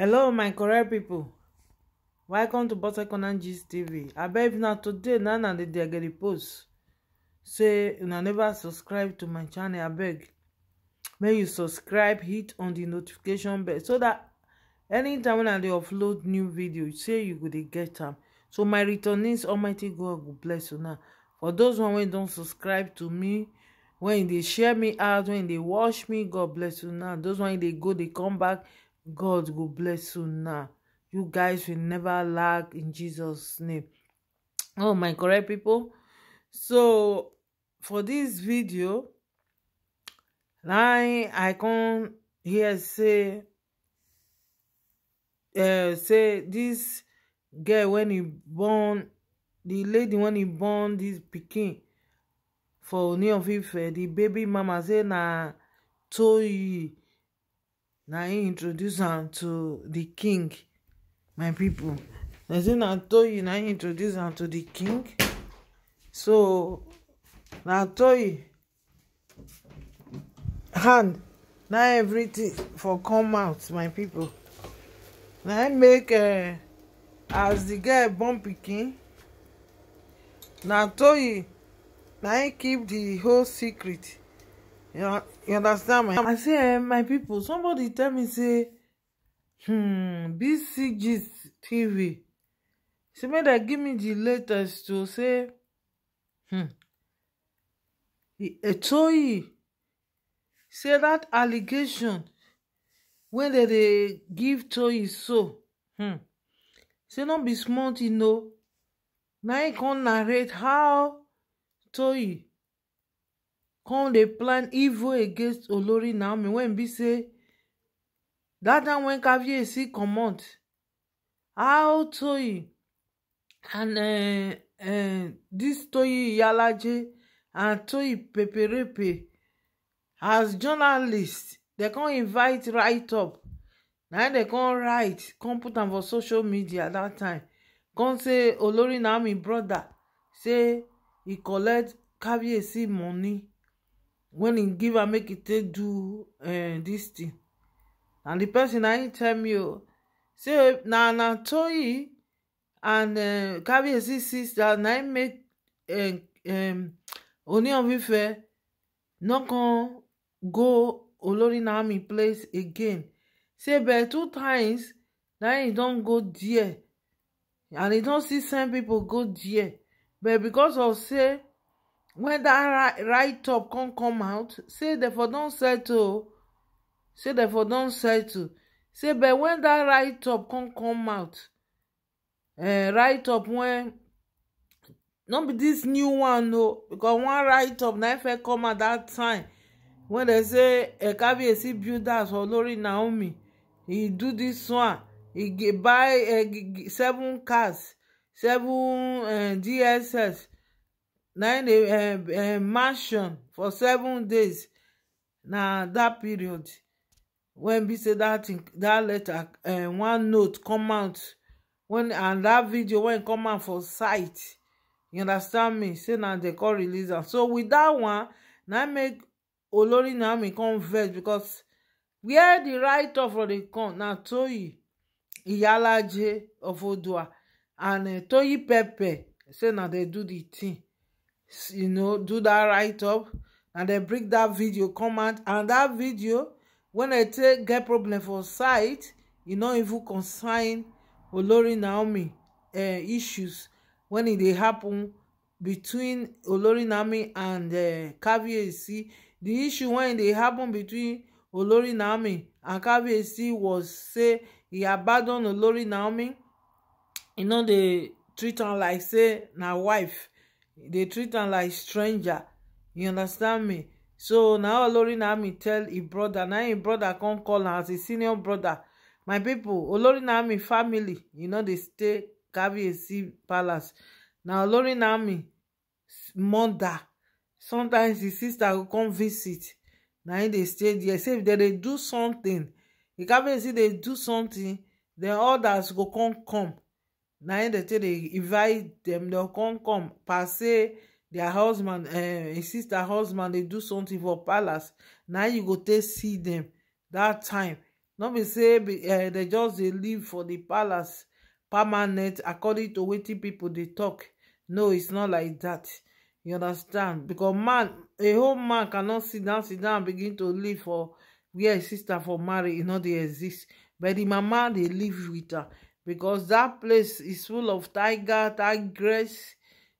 hello my correct people. welcome to boss economic gist tv abeg na today na na dey get di post say una never subscribe to my channel abeg make you subscribe hit on the notification bell so dat anytime when i dey upload new video say you go dey get am so my returnees almighty god go bless una for those one wey don subscribe to me when e dey share me out when e dey watch me god bless una those one e dey go dey come back God go bless you now. You guys will never lag in Jesus' name. Oh, my correct people. So, for this video, I, I can hear say, uh, say this girl when he born, the lady when he born this pikin for Ooni of Ife, the baby mama say na Toyin na him introduce am to the king my people. dem say na toyi na him introduce am to the king so na toyi hand na everything for come out my people. na im make eh, as di girl born pikin na toyi na im keep the whole secret you you understand my i say eh my people somebody tell me say hmm bcg tv say make dem give me the letters to say hmm etoyi say that allegation When they they give toyi so hmm say not be smart, you know. Now im come narrate how toyi come dey plan evil against olori naomi wen e be say dat time wen see comot how toyi and eh, eh, dis toyi yalaje and toyi peperepe as journalist dem come invite write up na him dem come write come put am for social media dat time come say olori naomi brother say e collect see money. When he give am make e take do eh, this thing and the person I tell me oh, say oh, na na toyi and eh, kabiyesi sister na him make eh, only of ife no come go olori naomi place again say but two times now he don't go there and he don't see some people go there but because of say When that right top come come out say they for don settle say they for don settle say but when that right top come come out eh write up when no be this new one o because one right up na ife come at that time When they say ekabiesi eh, build house for Lori naomi he do this one e buy eh, seven cars seven eh, dss na im dey mansion for seven days na that period wen be say that letter eh, one note come out when and that video when come out for sight, you understand me say na dem call release am so with that one na make olori naomi come vex becos wia the writer for di con na toyi iyalaje of odua and eh, toyi Pepe. say na dem do the thing you know do that write up and then bring that video comment and that video when i take get problem for site know if you consign olori naomi uh, issues when e dey happen between olori naomi and uh, eh, kabiyesi the issue when they happen between olori naomi and kabiyesi was say he abandon olori naomi You know they treat her like say na wife dey treat am like stranger you understand me so na olori naomi tell im e brother. na im e brother come call am as a senior brother. my pipo olori naomi family you no dey stay caviarcy palace na olori naomi mother sometimes his sister go come visit na im e dey stay there say if dem dey do something if caviarcy dey do something then odas go come come na im dey take dey invite dem dem come come per se their husband uh, sister husband dey do something for palace na you go take see dem dat time no be say eh, dem just dey live for di palace permanent according to wetin pipo dey tok no it's not like dat you understand because man a whole man cannot sit down sit down begin to live for where his sister for marry e no dey exist but di mama dey live with her because that place is full of tiger tigress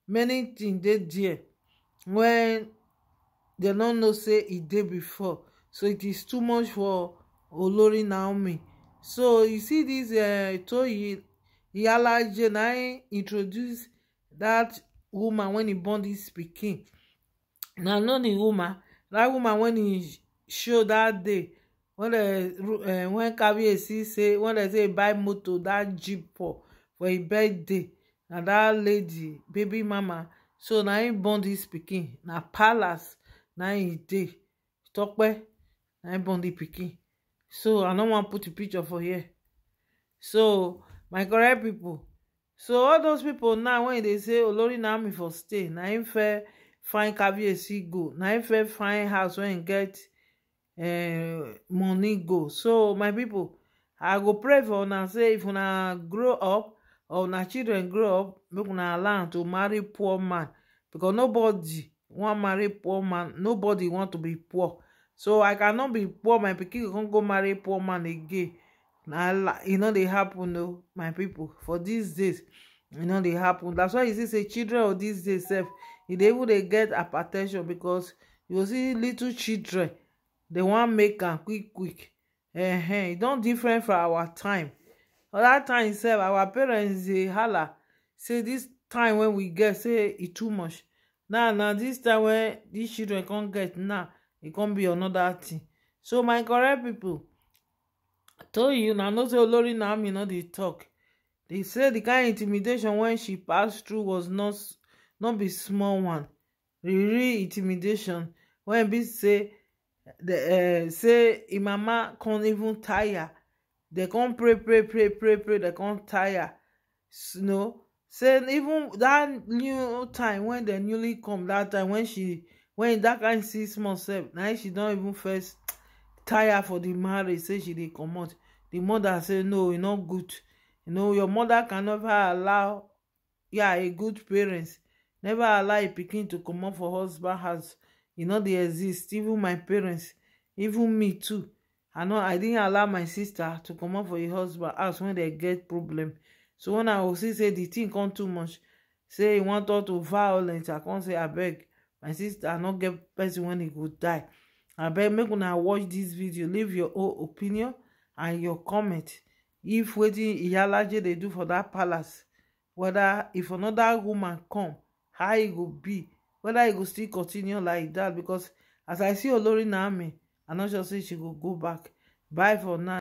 many things dey there When dem no know say e dey before so it is too much for olori naomi so you see this uh, eh, toyin iyalaje na im introduce dat woman when he born dis pikin na no the woman that woman when he showed that day wen dem wen kabiyesi say wen dem say buy motor that jeep for for im birthday na that lady baby mama so na im born dis pikin na palace na im dey tope na im born di pikin so i no wan put di picture for here so my correct people so all those people now when they dey say olori na me for stay na im fair find kabiyesi go na im fair find house when im get Eh, money go so my people, i go pray for una say if una grow up or una children grow up make una learn to marry poor man because nobody want marry poor man nobody want to be poor so i cannot be poor my pikin can't go marry poor man again na you know, e they happen o oh, my people. for these days you e know, they happen that's why you see say children of these days self, they dey they dey get hypertension because you see little children They want make them quick quick -huh. it e don't different for our time All that time itself, our parents dey hala say this time when we get say it e too much now now this time when these children can't get now it e can't be another thing. so my correct people, I told you now not say now, me no dey talk. They say di kain intimidation when she passed through was not not be small one real intimidation when be say the, uh, say im mama con even tire dem con pray pray pray pray pray dem con tire you say even that new time when the newly come that time when she when that kind six months sef eh, now she don't even first tire for the marriage say she dey comot The mother say no e no good you know your mother can never allow yeah a good parent never allow a pikin to comot for husband house e no dey exist even my parents even me too i no i didn't allow my sister to comot for her husband house when they get problem so when i go see say di tin come too much say e wan talk to violence i come say abeg my sister i no get person when he go die abeg make una watch this video leave your own opinion and your comment if wetin iyalaje dey do for that palace whether if another woman come how e go be whether e go still continue like that because as i see olori na me i no sure say she go go back bye for now